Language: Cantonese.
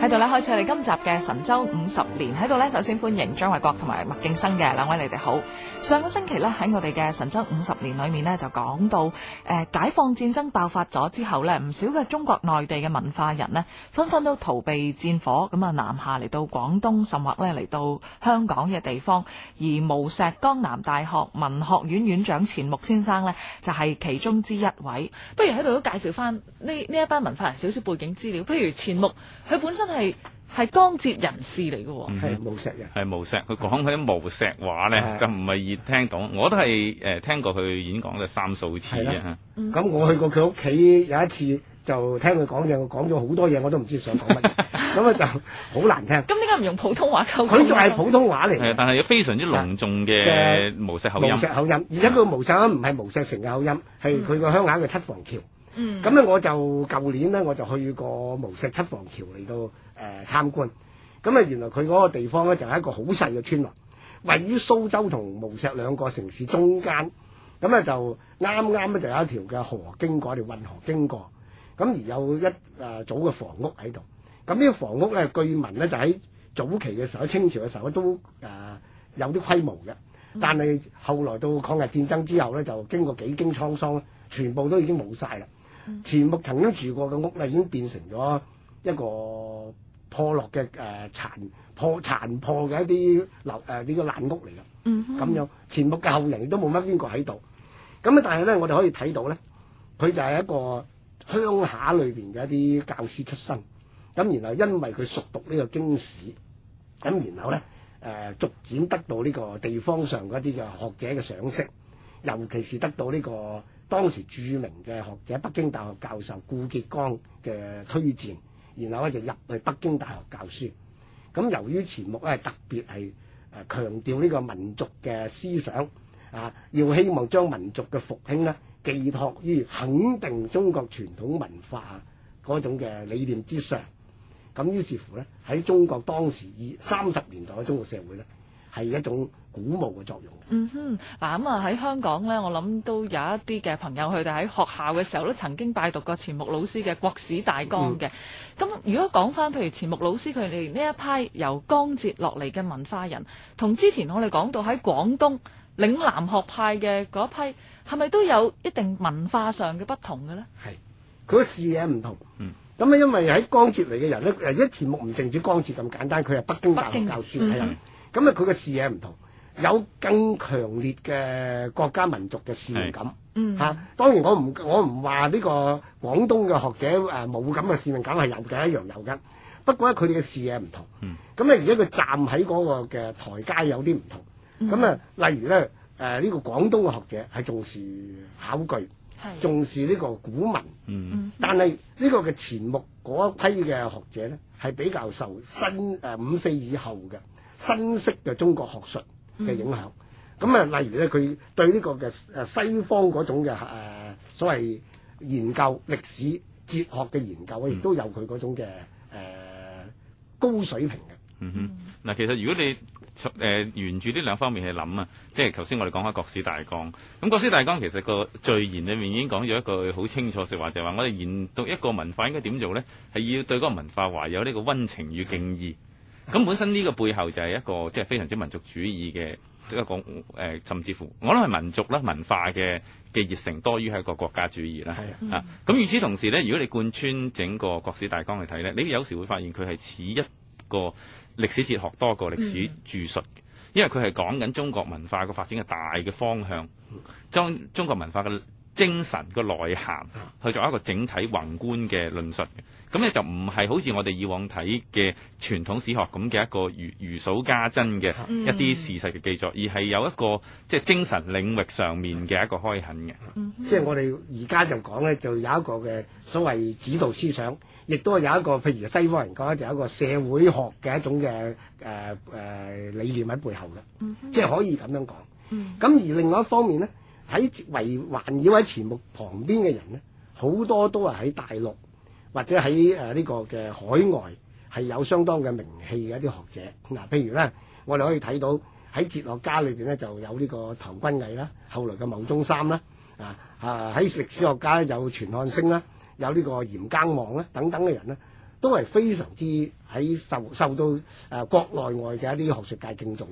喺度咧，開始我哋今集嘅神州五十年。喺度咧，首先歡迎張衛國同埋麥敬生嘅兩位，你哋好。上個星期咧喺我哋嘅神州五十年裏面呢，就講到誒解放戰爭爆發咗之後呢，唔少嘅中國內地嘅文化人呢，紛紛都逃避戰火，咁啊南下嚟到廣東，甚或咧嚟到香港嘅地方。而無錫江南大學文學院院長錢穆先生呢，就係其中之一位。不如喺度都介紹翻呢呢一班文化人少少背景資料，譬如錢穆，佢本身。都係係江浙人士嚟嘅，係、嗯、無錫人，係無錫。佢講嗰啲無錫話咧，就唔係易聽懂。我都係誒、呃、聽過佢演講咧三數次嘅。咁我去過佢屋企有一次就聽佢講嘢，我講咗好多嘢，我都唔知想講乜。咁 啊就好難聽。咁點解唔用普通話溝通，啊？佢仲係普通話嚟。係，但係有非常之隆重嘅無錫口音。無錫口音，而且佢個無錫口音唔係無錫城嘅口音，係佢個鄉下嘅七房橋。咁、嗯、呢，我就舊年呢，我就去過無錫七房橋嚟到誒、呃、參觀，咁啊原來佢嗰個地方呢，就係一個好細嘅村落，位於蘇州同無錫兩個城市中間，咁咧就啱啱呢，就有一條嘅河經過，一條運河經過，咁而有一誒組嘅房屋喺度，咁呢個房屋呢，據聞呢，就喺早期嘅時候，清朝嘅時候都誒、呃、有啲規模嘅，但係後來到抗日戰爭之後呢，就經過幾經滄桑，全部都已經冇晒啦。錢穆曾經住過嘅屋咧，已經變成咗一個破落嘅誒殘破殘破嘅一啲爛誒呢個爛屋嚟啦。咁樣錢、嗯、穆嘅後人亦都冇乜邊個喺度。咁啊，但係咧，我哋可以睇到咧，佢就係一個鄉下裏邊嘅一啲教師出身。咁然後因為佢熟讀呢個經史，咁然後咧誒逐漸得到呢個地方上嗰啲嘅學者嘅賞識。尤其是得到呢個當時著名嘅學者、北京大學教授顧頡剛嘅推薦，然後咧就入去北京大學教書，咁由於錢穆咧特別係誒強調呢個民族嘅思想，啊，要希望將民族嘅復興咧寄託於肯定中國傳統文化啊種嘅理念之上。咁於是乎咧喺中國當時二三十年代嘅中國社會咧。係一種鼓舞嘅作用。嗯哼，嗱咁啊喺香港咧，我諗都有一啲嘅朋友，佢哋喺學校嘅時候都曾經拜讀過錢穆老師嘅《國史大綱》嘅。咁如果講翻，譬如錢穆老師佢哋呢一批由江浙落嚟嘅文化人，同之前我哋講到喺廣東嶺南學派嘅嗰一批，係咪都有一定文化上嘅不同嘅咧？係，佢嘅視野唔同。咁、嗯、因為喺江浙嚟嘅人咧，誒，錢穆唔淨止江浙咁簡單，佢係北京大學教授。咁啊，佢嘅視野唔同，有更強烈嘅國家民族嘅使命感。嗯、吓，當然我唔我唔話呢個廣東嘅學者冇咁嘅使命感，係有嘅，一樣有嘅，不過咧佢哋嘅視野唔同。咁而家佢站喺嗰個嘅台階有啲唔同。咁、嗯、啊，例如咧呢、呃呢個廣東嘅學者係重視考據，係重視呢個古文。嗯，但係呢個嘅前目嗰一批嘅學者呢，係比較受新、嗯呃、五四以後嘅。新式嘅中國學術嘅影響，咁、嗯、啊，例如咧，佢對呢、這個嘅誒西方嗰種嘅誒、呃、所謂研究歷史、哲學嘅研究咧，亦都有佢嗰種嘅誒、呃、高水平嘅。嗯哼，嗱，其實如果你誒、呃、沿住呢兩方面去諗啊，即係頭先我哋講開國史大綱，咁國史大綱其實個序言裏面已經講咗一句好清楚嘅話，就係、是、話我哋研讀一個文化應該點做咧，係要對嗰個文化懷有呢個温情與敬意。咁本身呢個背後就係一個即係、就是、非常之民族主義嘅一係講、呃、甚至乎我諗係民族啦、文化嘅嘅熱誠多於係一個國家主義啦。嚇！咁、啊、與此同時呢，如果你貫穿整個國史大綱嚟睇呢，你有時會發現佢係似一個歷史哲學多過歷史著述、嗯，因為佢係講緊中國文化個發展嘅大嘅方向，將中國文化嘅精神、個內涵去做一個整體宏觀嘅論述。咁咧就唔係好似我哋以往睇嘅傳統史學咁嘅一個如如數家珍嘅一啲事實嘅記載，而係有一個即係精神領域上面嘅一個開墾嘅、嗯。即係我哋而家就講咧，就有一個嘅所謂指導思想，亦都有一個譬如西方人講呢，就有一個社會學嘅一種嘅誒、呃呃、理念喺背後啦。即、嗯、係、就是、可以咁樣講。咁、嗯、而另外一方面呢，喺圍環繞喺錢穆旁邊嘅人呢，好多都係喺大陸。或者喺誒呢個嘅海外係有相當嘅名氣嘅一啲學者，嗱，譬如咧，我哋可以睇到喺哲學家裏邊咧就有呢個唐君毅啦，後來嘅牟宗三啦，啊啊喺歷史學家有全漢升啦，有呢個嚴耕望啦，等等嘅人啦，都係非常之喺受受到誒國內外嘅一啲學術界敬重。